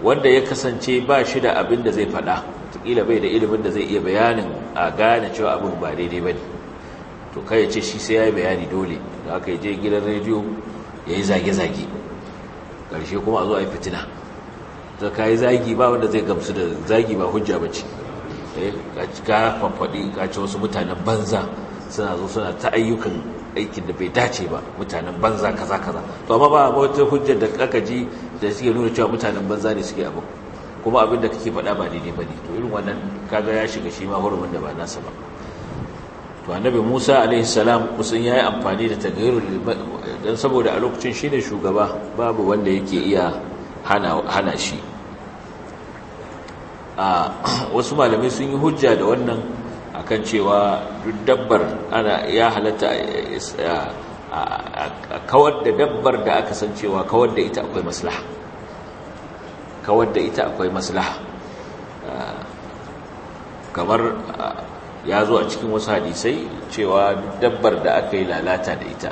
wanda ya kasance ba shi da abin da zai faɗa tukila bai da ilimin da zai iya bayanin a gane cewa abin ba daidai ba ne to kai ya ce shi sai ya yi bayani dole da aka yi je gidan rediyo ya yi zage-zage ƙarshe kuma a zo a yi fitina ta ka yi zagi ba wanda zai gamsu da zagi ba hujja ba ce eh, ka fafaɗi? ka ce wasu mutanen banza suna zo suna ta ayyukan aikin da bai dace ba mutanen banza kaza kaza to amma ba wata hujjar da aka ji da suke nuna cewa mutanen banza ne suke abu kuma abin da kake faɗa ba daidai ba ne to irin wannan kaga ya shiga shi ma hurumin da ba nasa ba to annabi Musa alaihi salam kusan yi amfani da tagayyurul dan saboda a lokacin shine shugaba babu wanda yake iya hana hana shi a ah, wasu malamai sun yi hujja da wannan akan cewa duk dabbar ana ya halatta a kawar da dabbar da aka san cewa kawar da ita akwai maslaha kawar da ita akwai maslaha kamar ya zo a cikin wasu hadisai cewa duk dabbar da aka yi lalata da ita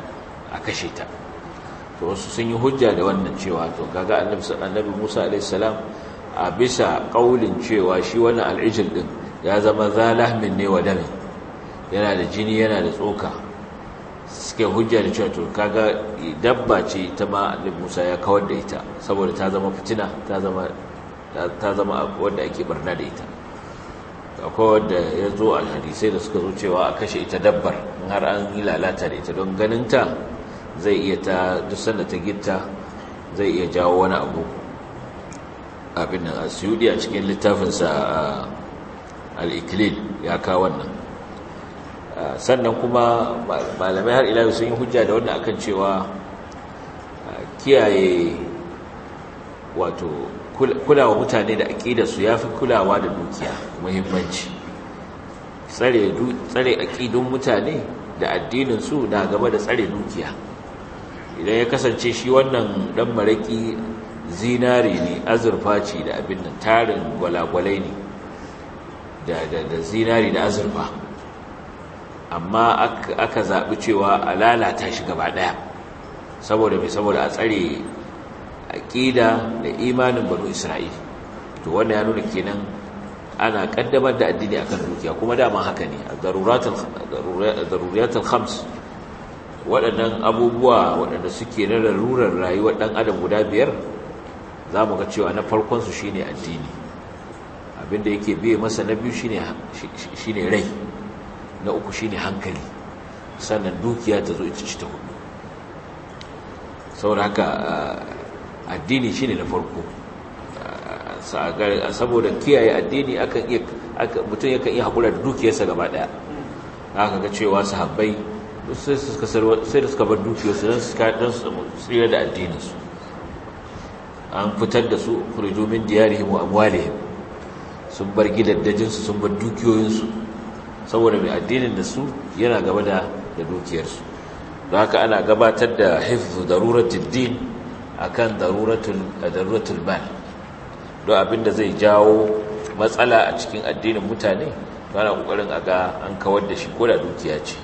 a kashe ta to wasu sun yi hujja da wannan cewa to kaga annabi Musa alaihi salam a bisa kaulin cewa shi wannan al'ijil din ya zama za lahmin ne wa dami yana da jini yana da tsoka suke hujja da cewa to kaga dabba ce ta ma Musa ya kawar da ita saboda ta zama fitina ta zama wadda ake barna da ita akwai wanda ya zo alhadisai da suka zo cewa a kashe ita dabbar in har an yi lalata da ita don ganinta zai iya ta duk sanda ta gita zai iya jawo wani abu abin nan a a cikin littafinsa a al-iklil ya kawo wannan ah, sannan kuma malamai har ilayu sun yi hujja da wannan akan cewa ah, kiyaye wato kulawa mutane da aƙidarsu ya fi kulawa da dukiya muhimmanci tsare aƙidun mutane da addinin su na gaba da tsare dukiya idan ya kasance shi wannan ɗan maraƙi zinari ne azurfaci da abin nan tarin gwalagwalai ne da zinari da azurfa amma aka zaɓi cewa a lalata shi gaba ɗaya saboda mai saboda a tsare ƙida, da imanin banu isra'il to wannan ya nuna kenan ana ƙaddamar da addini akan dukiya kuma dama haka ne a daruriyatul khams waɗannan abubuwa waɗanda suke na larurar rayuwar ɗan adam guda biyar za mu ga cewa na farkonsu shine addini abinda yake biye masa na biyu shine rai na uku shine hankali sannan dukiya ta zo ita ci ta hudu saboda haka ah, addini shine na farko ah, saboda kiyaye addini mutum yakan iya haƙura da dukiyarsa gaba ɗaya aka ga cewa su haɓai sai da suka bar dukiyarsu don su tsira da addininsu an fitar da su kurjumin diyarihim wa amwalihim sun bar gidaddajinsu sun bar dukiyoyinsu saboda mai addinin da su yana gaba da dukiyarsu da haka ana gabatar da haifu daruratun din a kan daruratun mal don da zai jawo matsala a cikin addinin mutane ana kokarin a ga an kawar da shi ko da dukiya ce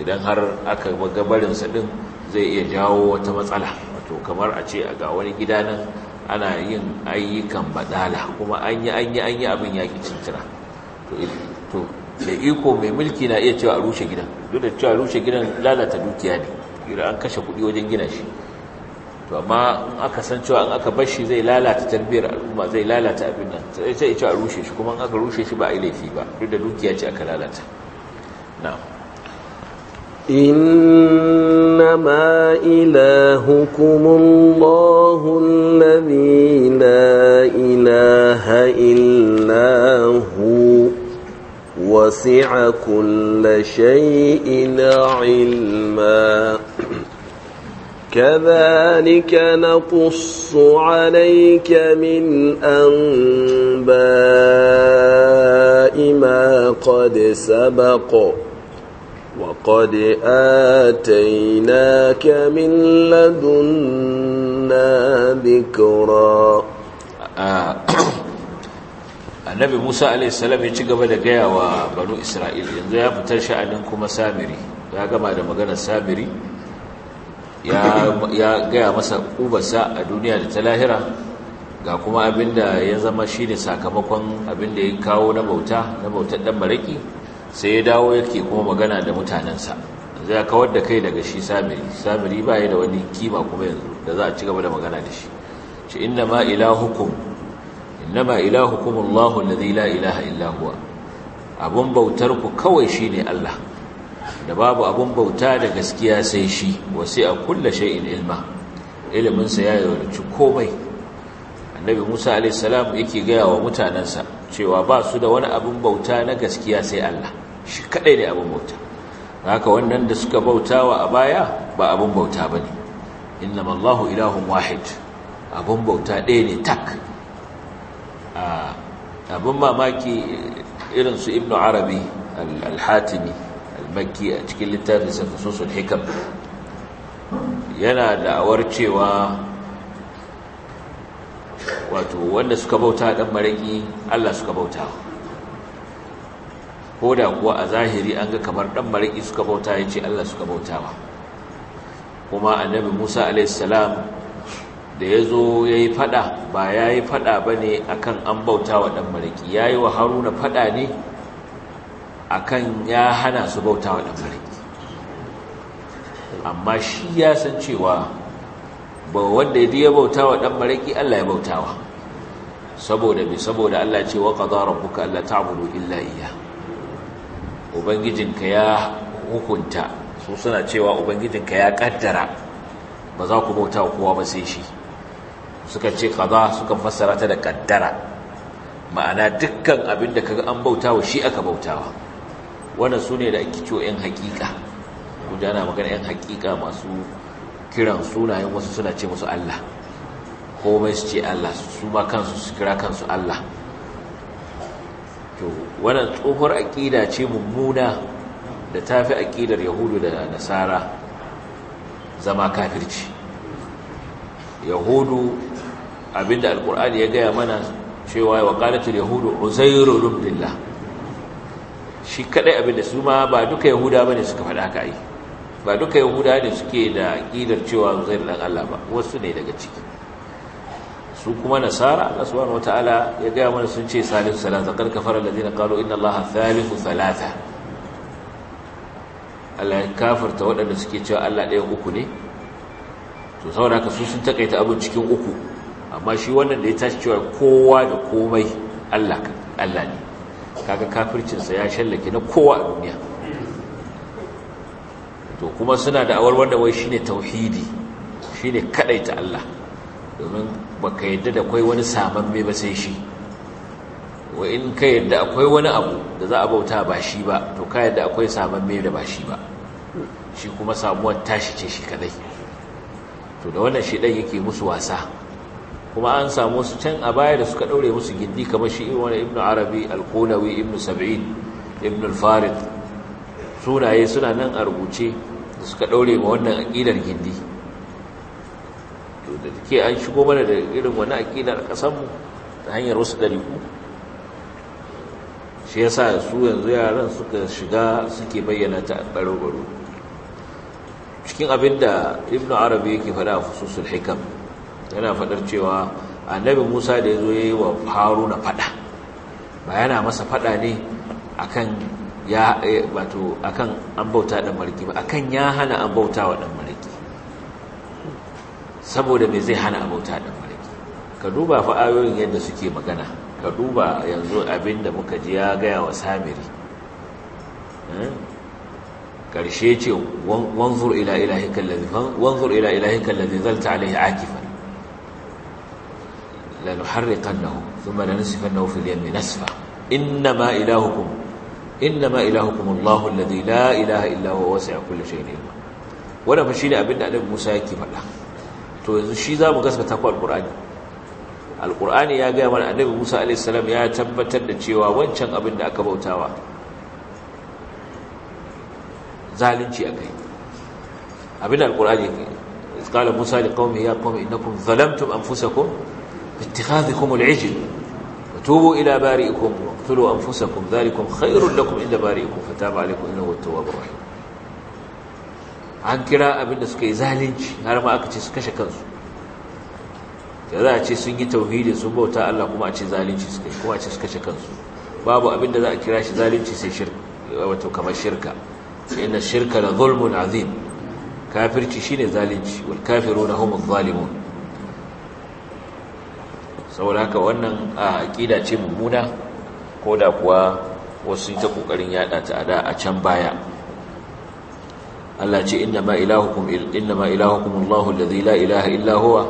idan har aka gabarinsa din zai iya jawo wata matsala wato kamar a ce a ga wani gida ana yin ayyukan badala kuma an yi an yi an yi abin yaƙi cintira to da iko mai mulki na iya cewa a rushe gidan duk da cewa rushe gidan lalata dukiya ne kira an kashe kuɗi wajen gina shi to amma in aka san cewa in aka bar shi zai lalata tarbiyyar al'umma zai lalata abin nan sai ya ce a rushe shi kuma in aka rushe shi ba a yi laifi ba duk da dukiya ce aka lalata na'am إنما إلهكم الله الذي لا إله إلا هو وسع كل شيء علما كذلك نقص عليك من أنباء ما قد سبق وقد آتيناك من لدنا ذكرا annabi musa alaihissalam ya ci gaba da gayawa wa banu isra'il yanzu ya fitar sha'anin kuma samiri ya gama da maganar samiri ya gaya masa ubasa a duniya da ta lahira ga kuma abinda ya zama shi ne sakamakon abinda ya kawo na bauta na bautar ɗan maraki sai ya dawo yake kuma magana da mutanensa zai ya kawar da kai daga shi samiri samiri ba ya da wani kima kuma yanzu da za a ci gaba da magana da shi shi inda ma ilahukum inda ma ilahukum allahu zai la ilaha illa huwa abun bautar ku kawai shi ne allah da babu abin bauta da gaskiya sai shi wasu a kulla shay'in ilma ilimin ya yi komai annabi Musa alaihi yake gaya wa mutanensa cewa ba su da wani abin bauta na gaskiya sai allah shi kadai ne abin bauta haka wannan da suka bautawa a baya ba abin bauta ne. innama Allahu ilahun wahid abin bauta ɗaya ne tak abin mamaki irin su ibnu arabi al-hatimi al-makki a cikin littafin sa fususul hikam yana da'awar cewa wato wanda suka bauta ɗan maraki Allah suka bautawa ko da kuwa a zahiri an ga kamar ɗan mariki suka bauta ya ce Allah suka bautawa kuma annabi Musa alaihissalam da ya zo ya yi faɗa ba ya yi faɗa ba ne a kan an bauta wa ɗan mariki ya yi wa haruna faɗa ne a kan ya hana su bauta wa ɗan mariki amma shi ya san cewa ba wanda ya bauta wa ɗan mariki Allah ya bautawa saboda bi saboda Allah ce wa buka rabbuka ta abu illa iya ubangijinka ya hukunta su suna cewa ubangijinka ya kaddara ba za ku bauta kowa ba sai shi suka ce kaza suka fassara ta da kaddara ma'ana dukkan abin da kaga an bauta wa shi aka bautawa wannan sune da ake cewa yan hakika gudana magana yan hakika masu kiran sunayen wasu suna ce musu Allah komai su ce Allah su ma kansu su kira kansu Allah to wannan tsohuwar aƙida ce mummuna da ta fi aƙidar yahudu da nasara zama kafirci yahudu abinda alkur'ani ya gaya mana cewa wa qalatul yahudu uzairu ibnillah shi kadai abinda su ma ba duka yahuda ba ne suka faɗa haka yi, ba duka yahuda ne suke da aƙidar cewa uzairu ɗan Allah ba wasu ne daga ciki su kuma nasara Allah subhanahu wataala ya gaya mana sun ce salisu salata kar kafara na qalu inna allaha thalithu thalatha Allah waɗanda suke cewa Allah ɗaya uku ne to saboda haka su sun takaita abin cikin uku amma shi wannan da ya tashi cewa kowa da komai Allah Allah ne kaga kafircinsa ya shallake na kowa a duniya to kuma suna da awar wanda wai shine tauhidi shine kadaita Allah domin baka yadda da akwai wani saman mai ba sai shi wa in ka yadda akwai wani abu da za a bauta ba shi ba to ka yadda akwai saman mai da ba shi ba shi kuma samuwar tashi ce shi kadai to da wannan shi shedan yake musu wasa kuma an samu su can a baya da suka ɗaure musu gindi kamar shi irin wani ibnu arabi al-qulawi ibnu sab'in ibnu al-farid sunaye suna nan a rubuce da suka ɗaure ma wannan aqidar gindi da take an shigo mana da irin wani a ƙasanmu ta hanyar wasu ku. shi yasa su yanzu yaran suka shiga suke bayyana ta ɓaro cikin abinda da ibn arabi yake faɗa a fususul hikam yana faɗar cewa annabi musa da ya zo ya yi wa haruna faɗa ba yana masa faɗa ne akan ya eh, wato akan an bauta ɗan mariki ba akan ya hana an bauta wa dan saboda me zai hana abauta da maraki ka duba fa yadda suke magana ka duba yanzu abinda muka ji ya gaya wa samiri eh? karshe ce wanzur ila ilahika allazi wanzur ila ilahika allazi zalta alaihi akifan la da thumma lanasfannahu fil yammi nasfa innama ilahukum innama ilahukum allah allazi la ilaha illa huwa wasi'a kulli shay'in ilma wannan fa shine abinda annabi Musa yake faɗa to yanzu shi za mu gaskata ku alqur'ani alqur'ani ya ga mana annabi musa salam ya tabbatar da cewa wancan abin da aka bautawa zalunci a kai abin da alƙur'ani قال موسى لقومه يا قوم إنكم ظلمتم أنفسكم باتخاذكم العجل وتوبوا إلى بارئكم واقتلوا أنفسكم ذلكم خير لكم عند بارئكم فتاب عليكم إنه التواب الرحيم an kira abinda suka yi zalunci har ma aka ce su kashe kansu da za a ce sun yi tauhidin sun bauta Allah kuma a ce zalinci suka kuma a ce su kashe kansu babu abinda za a kira shi zalunci sai shirka wato kamar shirka inna shirka da zulmun azim kafirci shine zalunci wal kafiruna humuz zalimun saboda haka wannan a aqida ce mummuna ko da kuwa wasu ta kokarin yada ta ada a can baya Allah ce inna ma ilahukum inna ma ilahukum Allahu la ilaha illa huwa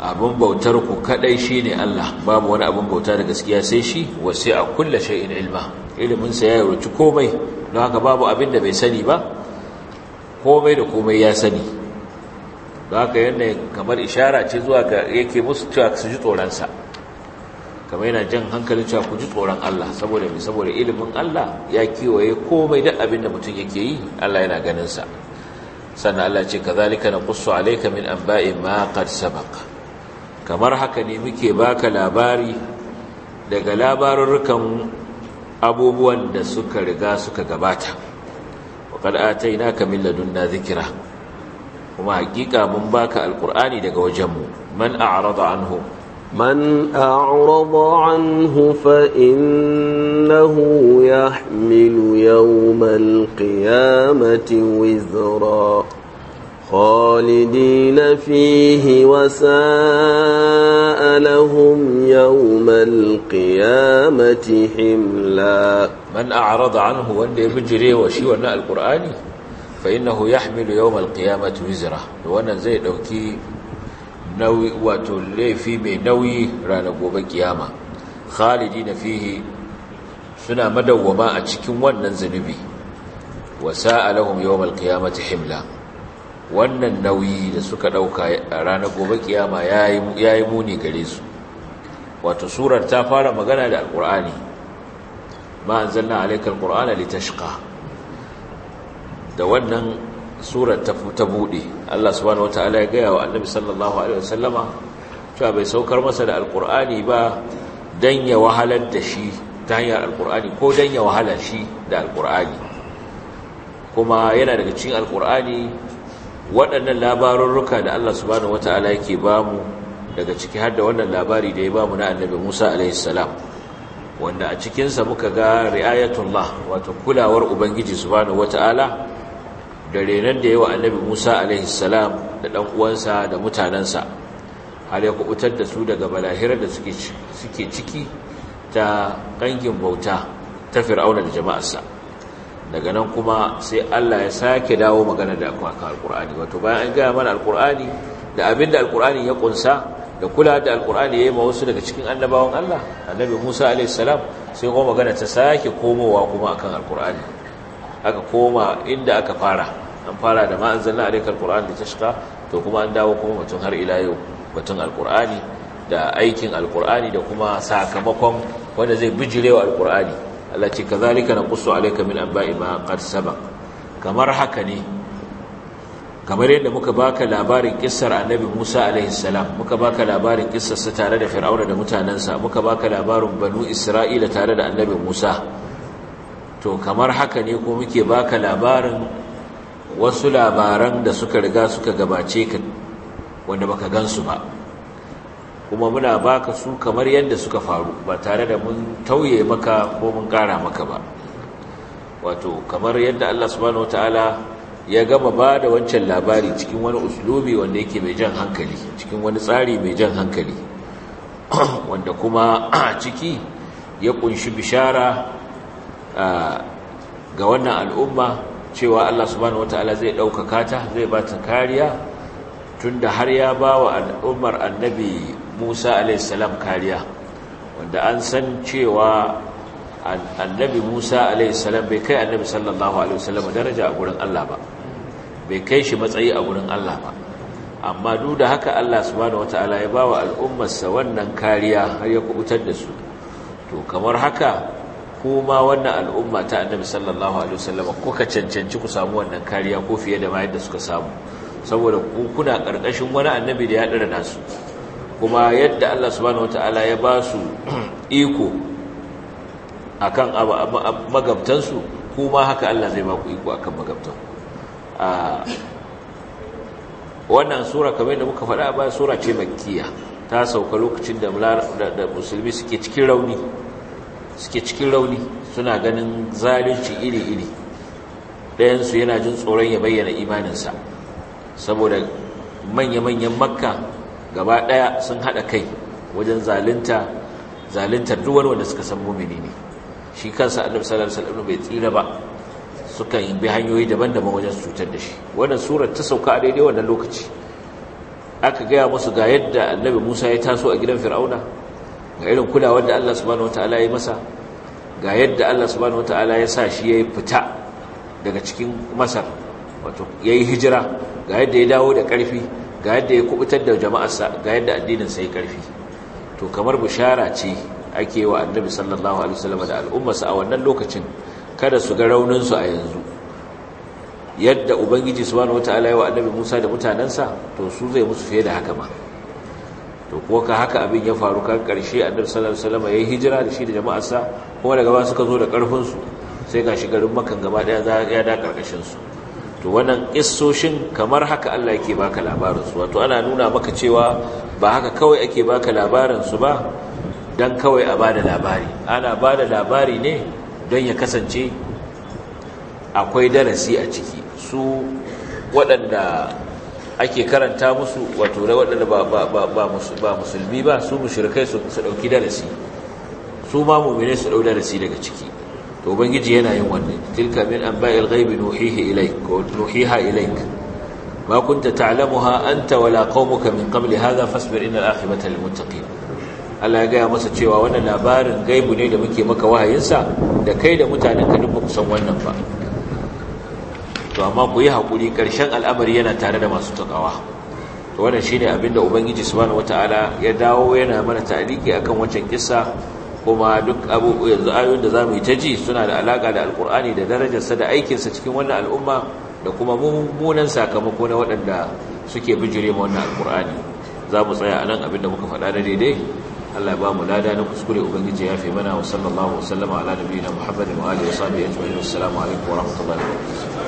abun bautar ku kadai shine Allah babu wani abin bauta da gaskiya sai shi wasi'a kulli shay'in ilma ilimin sa ya yurci komai don haka babu abin da bai sani ba komai da komai ya sani don haka yanda kamar ishara ce zuwa ga yake musu cewa su ji tsoron sa kamar yana jan hankalin cewa ku ji tsoron Allah saboda mai saboda ilimin Allah ya kiwaye komai duk abin da mutum yake yi Allah yana ganin sa sannan Allah ce kazalika naqussu alayka min anba'i ma qad sabaq kamar haka ne muke baka labari daga labarurrukan abubuwan da suka riga suka gabata wa qad atainaka min ladunna dhikra kuma hakika mun baka alqur'ani daga wajenmu man a'rada anhu من أعرض عنه فإنه يحمل يوم القيامة وزرا خالدين فيه وساء لهم يوم القيامة حملا من أعرض عنه وانده بجري وشي وناء القرآن فإنه يحمل يوم القيامة وزرا وانا زي أوكي nauyi wato laifi mai nauyi ranar gobe kiyama khalidi na fihi suna madawwama a cikin wannan zunubi wa sa'alahum yawmal qiyamati himla wannan nauyi da suka dauka a ranar gobe kiyama yayi yayi muni gare su wato surar ta fara magana da alqur'ani ma anzalna alayka alqur'ana litashqa da wannan surar ta bude Allah subhanahu wataala ya gaya wa annabi sallallahu alaihi wasallama cewa bai saukar masa da alqur'ani ba dan ya wahalar da shi ta hanyar alqur'ani ko dan ya wahala shi da alqur'ani kuma yana daga cikin alqur'ani waɗannan labarurruka da Allah subhanahu wataala yake bamu daga ciki har da wannan labari da ya bamu na annabi Musa alaihi salam wanda a cikinsa muka ga ri'ayatullah wato kulawar ubangiji subhanahu wataala da renar da yawa annabi musa alaihissalam da ɗan uwansa da mutanensa har ya kubutar da su daga balahirar da suke ciki ta ƙangin bauta ta fir'auna da jama'arsa daga nan kuma sai allah ya sake dawo magana da akwaka alƙur'ani wato bayan an gaya mana alkur'ani da abin da alƙur'ani ya ƙunsa da kula da alkurani ya yi ma wasu daga cikin annabawan allah annabi musa alaihissalam sai kuma magana ta sake komowa kuma akan alkur'ani aka koma inda aka fara an fara da ma ƙura'an da ta litashqa to kuma an dawo kuma mutum har ila yau mutum alƙura'ani da aikin alƙura'ani da kuma sakamakon wanda zai bijirewa alƙura'ani Allah ce ka kazalika naqussu alaika min bai ma qad saba kamar haka ne kamar yadda muka baka labarin kissar annabi Musa alaihi salam muka baka labarin kissar tare da fir'auna da mutanensa, muka baka labarin banu isra'ila tare da annabi Musa to kamar haka ne ko muke baka labarin wasu labaran da suka riga suka gabace ka wanda baka gansu ba kuma muna baka su kamar yadda suka faru ba tare da mun tauye maka ko mun kara maka ba wato kamar yadda Allah subhanahu wataala ya gama ba da wancan labari cikin wani uslubi wanda yake mai jan hankali cikin wani tsari mai jan hankali wanda kuma a ciki ya kunshi bishara ga wannan al'umma cewa Allah subhanahu wataala zai ɗaukaka ta zai ba ta kariya tunda har ya ba wa al'ummar annabi Musa a.s. kariya wanda an san cewa annabi Musa a.s. bai kai annabi sallallahu alaihi wasallam daraja a gurin Allah ba bai kai shi matsayi a gurin Allah ba amma duk da haka Allah subhanahu wataala ya ba wa sa wannan kariya har ya kubutar da su to kamar haka Kuma wannan al'umma ta annabi sallallahu alaihi wasallam kuka cancanci ku samu wannan kariya ko fiye da ma yadda suka samu saboda ku kuna karkashin wani annabi da ya dara nasu kuma yadda Allah subhanahu wataala ya ba su iko akan magabtansu kuma haka Allah zai ba ku iko akan magabtan wannan sura kamar da muka faɗa ba sura ce makkiya ta sauka lokacin da musulmi suke cikin rauni suke cikin rauni suna ganin zalunci iri-iri ɗayansu yana jin tsoron ya bayyana imaninsa saboda manya-manyan makka gaba ɗaya sun haɗa kai wajen zalinta zaluntar duwar wanda suka san mumini ne shi kansa annabi sallallahu alaihi wasallam bai tsira ba sukan bi hanyoyi daban-daban wajen cutar da shi wannan surar ta sauka a daidai wannan lokaci aka gaya musu ga yadda annabi Musa ya taso a gidan Fir'auna ga irin kulawar da Allah subhanahu wataala ya masa ga yadda Allah subhanahu wataala ya sa shi yayi fita daga cikin Masar wato yayi hijira ga yadda ya dawo da karfi ga yadda ya kubutar da jama'arsa ga yadda addinin ya ƙarfi to kamar bishara ce ake wa Annabi sallallahu alaihi wasallam da al'ummarsa a wannan lokacin kada su ga raunin su a yanzu yadda ubangiji subhanahu wataala ya wa Annabi Musa da mutanansa to su zai musu fiye da haka ma to ko ka haka abin ya faru kan karshe a sallallahu salama ya yi hijira da shi da jama'arsa kuma daga ba suka zo da karfin su sai gashi garin makan gaba daya za ya da ƙarƙashinsu. to wannan isoshin kamar haka Allah yake baka labarin su wato ana nuna maka cewa ba haka kawai ake baka labarin su ba dan kawai a bada labari ana bada labari ne don ya kasance akwai darasi a ciki su waɗanda ake karanta musu wato waɗanda ba musulmi ba su kai su ɗauki darasi su ma su ɗau darasi daga ciki to ubangiji yana yin wannan tilka min anba'il bayar nuhihi ilaik nuhiha ilaik ma kunta ta'lamuha anta wala qaumuka min qabli hadha fasbir innal akhirata lil Allah ya gaya masa cewa wannan labarin gaibu ne da muke maka wahayinsa da kai da mutanen ka duk ba san wannan ba to amma ku yi haƙuri ƙarshen al'amari yana tare da masu tukawa to wannan shine abin da ubangiji subhanahu wataala ya dawo yana mana ta'aliki akan wancan kissa kuma duk abu yanzu ayoyin da mu yi ta ji suna da alaka da alqur'ani da darajarsa da aikinsa cikin wannan al'umma da kuma mummunan sakamako na waɗanda suke bijire ma wannan alqur'ani za mu tsaya anan abin da muka faɗa na daidai Allah ba mu lada na kuskure ubangiji ya fi mana wa sallallahu wa sallama ala nabiyina muhammadin wa alihi wa sahbihi ajma'in assalamu alaikum wa rahmatullahi